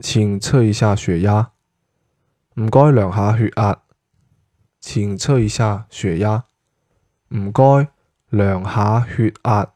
請測一下血壓，唔該量下血壓。請測一下血壓，唔該量下血壓。